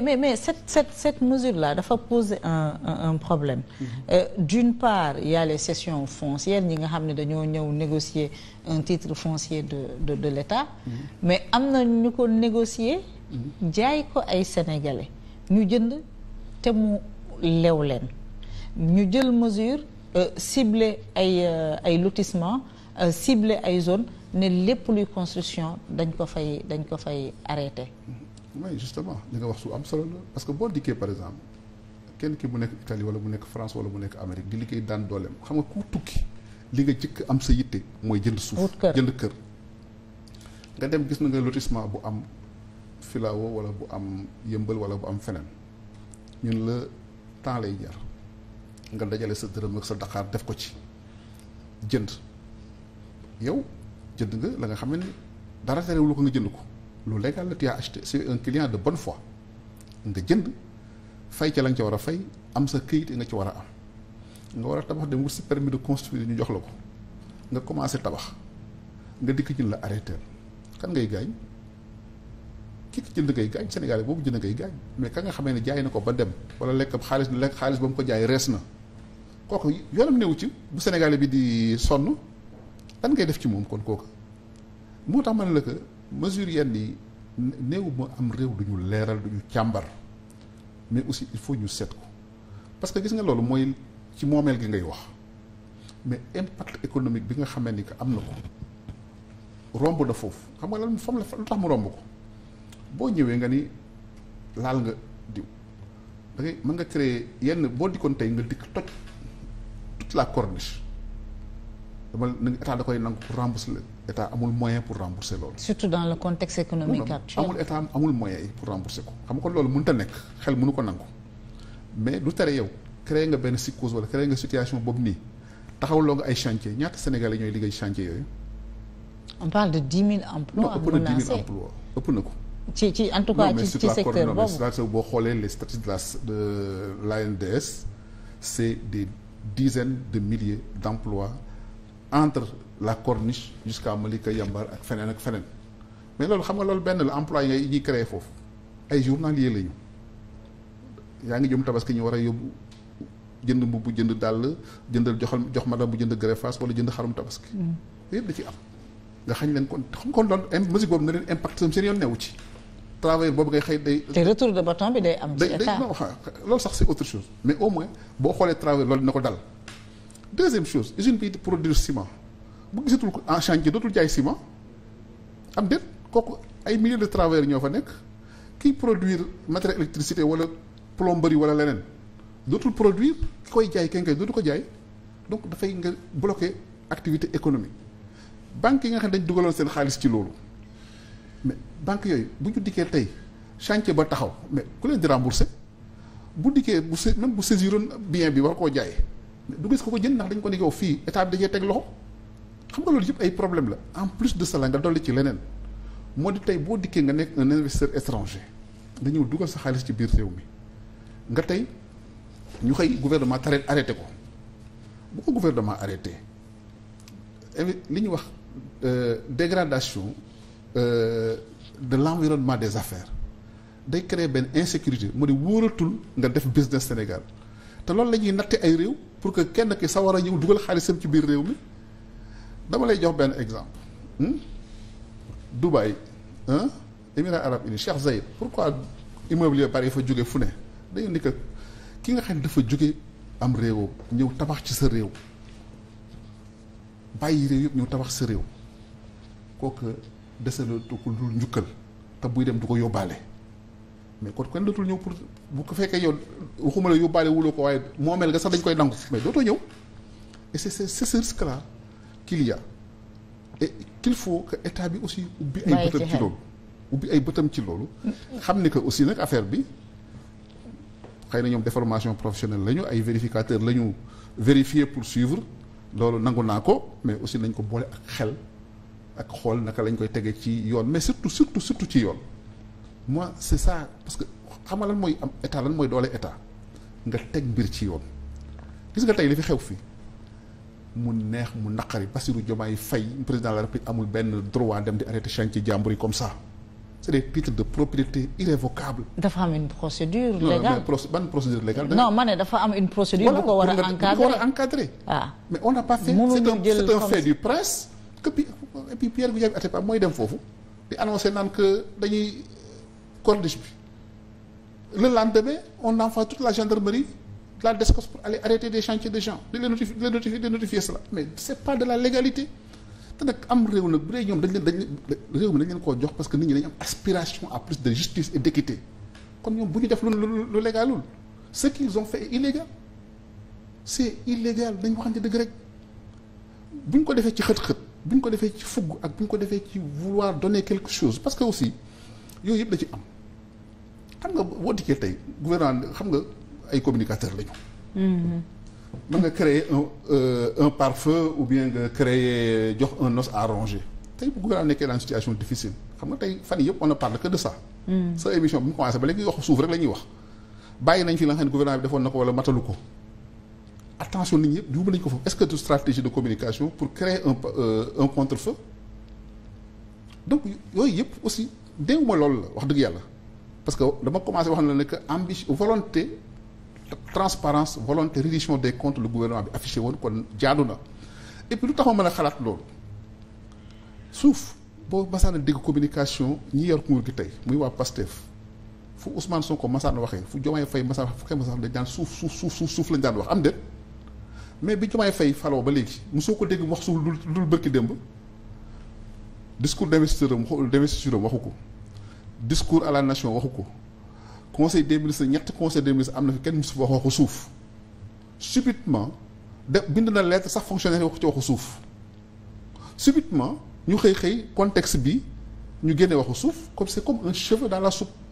mais mais mais cette cette cette mesure là dafa poser un un, un problème. Mm -hmm. euh, d'une part il y a ñi nga xam ne dañoo ñëw négocier un titre foncier de de de l'État. Mm mais am na ñu ko négocier. Mm-hmm. jaay ko ay sénégalais ñu jënd te mu lew leen ñu jël mesure euh, cible ay euh, ay lotissement euh, cibler ay zone ne lépp luy construction dañ ko fay dañ ko fay arrêter. Mm-hmm. mais justement li nga wax su am solo la parce que boo dikkee par exemple kenn ki mu nekk Italie wala bu nekk France wala mu nekk Amérique di liggéey daan dooleem xam nga ku tukki li nga jëkk am sa yitte mooy jënd suuf jënd kër nga dem gis na nga lotissement bu am filawo wala bu am yëmbal wala bu am feneen ñun la temps lay jar nga dajale sa dërëm ak sa daqaar def ko ci jënd yow jënd nga la nga xam ne dara terewul ko nga jënd ko lu légal la tu as c'est un client de bon fois nga jënd fay ca la ca war a fay am sa këyit nga ci war a am nga war a tabax dem wut si permis de construire ñu jox la ko nga commencé tabax nga dikk jënd la arrêté kan ngay gaañ ki jënd ngay gaañ Sénégal boobu jënd ngay gaañ mais ka nga xamee ne jaay na ko ba dem wala lekk xaalis lekk xaalis ba mu ko jaay rees na kooku yoonam newu ci bu Sénégal bi di sonn lan ngay def ci moom kon kooku moo tax ma ne la que mesure yenn yi néew ma am réew du ñu leeral du càmbar mais aussi il faut ñu seet ko parce que gis nga loolu mooy ci moomeel gi ngay wax mais impact économique bi nga xamee ni que am na ko romb na foofu xam nga lan fam la lu tax mu romb ko boo ñëwee nga ni laal nga diw da ngay mën nga créer yenn boo dikkoon tey nga dikk toj toute la corniche dama ne état da koy nangu pour rembourser la état amul moyen pour rembourser loolu. surtout dans le contexte économique actuel. amul état amul moyen yi pour rembourser ko xam nga loolu mënut a nekk xel mënu ko nangu mais lu tere yow créé nga benn psychose wala créé nga situation boobu nii taxawloo nga ay chantier ñaata Sénégalais ñooy liggéey chantier yooyu. on parle de dix mille emplois non ëpp na ko. ci ci en tout cas ci ci secteur boobu boo xoolee les statuts de la de l'ANDS c'est des dizaines de milliers d'emplois entre. la corniche jusqu'à ko Yambar ak feneen ak feneen mais loolu xam nga loolu benn la employé ngay ñuy créé foofu ay journalier lañu yaa ngi jëm tabaski ñu war a yóbbu jënd mbubb jënd dàll jëndal joxal jox madame bu jënd greffage wala jënd xarum tabaski. Mm. yëpp da ci am nga xañ leen kon xam kon loolu im musique boobu nga leen impact seen yoon newu ci. travail boobu ngay xëy day. te retour de bâton bi day am. loolu sax c'est autre chose mais au boo xoolee travail ko dal deuxième chose usine bii di produire ciment. bu gisatul ko en chantier dootul jaay ciment am déet kooku ay milliers de travailleurs ñoo fa nekk kiy produire matériel électricité wala plomberie wala leneen dootul produire ki koy jaay kenn kay dootu ko jaay donc dafay nga bloquer activité économique banques yi nga xam ne dañ dugaloon seen xaalis ci loolu mais banque yooyu bu ñu dikkee tey chance ba taxaw mais ku leen di rembourser bu dikkee bu même bu saisiroon bien bi war koo jaay du gis ko ko jën ndax dañ ko ne yow fii état bi teg loxo. xam nga loolu yëpp ay problème la en plus de cela nga dolli ci leneen moo di tey boo dikkee nga nekk un investisseur étranger nga ñëw dugal sa xaalis ci biir réew mi nga tey ñu xëy gouvernement tareet arrêté ko bu ko gouvernement arrêté li ñuy wax euh, dégradation euh, de l'environnement des affaires day créer benn insécurité moo di wóoratul nga def business Sénégal te loolu la ñuy natte ay réew pour que kenn ki sa war a ñëw dugal xaalisam ci biir réew mi dama lay jox benn exemple hmm? Dubaï hein? Émirats arabes unis Cheikh Zayed pourquoi immobilier Paris fa jóge fu ne dañu ni que ki nga xam ne dafa jóge am réew ñëw tabax ci sa réew bàyyi réew yëpp ñëw tabax sa réew kooku desalatu ko dul njukkal te buy dem du ko yóbbaale mais kon kenn dootul ñëw pour bu ko fekkee yow waxuma la yóbbaale wuloo ko waaye moomeel nga sax dañ koy nangu mais dootoo ñëw et c'est ce risque qu'il y a faut que état bi aussi ubbi ay bëtam ci loolu ay bëtam ci loolu xam ni que aussi nag affaire bi xëy na ñoom déformation professionnel la ñu ay vérificateur la ñu vérifier pour suivre loolu nangu naa ko mais aussi nañ ko boole ak xel ak xool naka lañ koy tegee ci yoon mais surtout surtout surtout ci yoon moi c'est ça parce que xam nga lan mooy am état lan mooy doole état nga teg mbir ci yoon gis nga tey li fi xew fii mu neex mu naqari Bassirou Diomaye Faye président de la République amul benn droit dem di arrêté chantier jàmbur yi comme ça c'est des titres de propriété irrévocables. dafa am une procédure légale ban procédure légale. non ma dafa am une procédure. bu ko war a encadrer war ah. mais on n'a pas fait. c'est fait du prince. que puis et puis Pierre Goudiaby Atepa mooy dem foofu di annoncé naan que dañuy corniche bi le lendemain on envoie toute la gendarmerie. la DSCOS pour aller arrêter des chantiers de gens di leen notifier di leen notifier di notifier cela mais c'est pas de la légalité te nag am réew nag bu dee ñoom dañ leen dañ réew mi dañ leen koo jox parce que nit ñi dañ am aspiration à plus de justice et d'équité kon ñoom bu ñu def lu légalul c'est illégal dañ ko defee ci xët-xët bu ñu ko defee ci fugg ak bu ñu ko defee ci vouloir donner quelque chose parce que aussi yooyu yëpp da ci am xam nga boo dikkee tey gouvernement xam nga ay communicateurs lañu. mën nga créer un euh, un pare-feu ou bien nga créer jox un os à ronger tey bu gouvernement nekkee dans situation difficile xam nga tey fan yëpp on ne parle que de ça. Mm. sa émission bi mu commencé ba léegi wax suuf rek la wax bàyyi nañ fi la nga xam bi defoon na ko wala matalu ko. attention nit ñi yëpp yóbbu nañu ko foofu est-ce que tu stratégie de communication pour créer un euh, un contre-feu donc yooyu yëpp aussi dégguma loolu transparence volonté reddition des comptes le gouvernement bi affiché woon kon jaadu na et puis lu tax ma mën a xalaat loolu suuf boo masaana dégg communication ñi yor nguur gi tey muy waa PASTEF fu Ousmane Sonko masaana waxee fu Diomaye Faye masaana fu koy masaana dañ daan suuf suuf suuf suuf suuf lañ daan wax am déet mais bi Diomaye fay faloo ba léegi soo ko dégg wax suuf lu dul bërki démb discours d'investiture am waxu d'investiture am waxu ko discours à la waxu ko conseil des ministres ñett conseil des ministres am na fi kenn musu wax waxu suuf subitement de bind na lettre sax fonctionnaire yi wax ci waxu suuf subitement ñu xëy xëy contexte bi ñu génne waxu suuf comme c'est comme un cheveu dans la soupe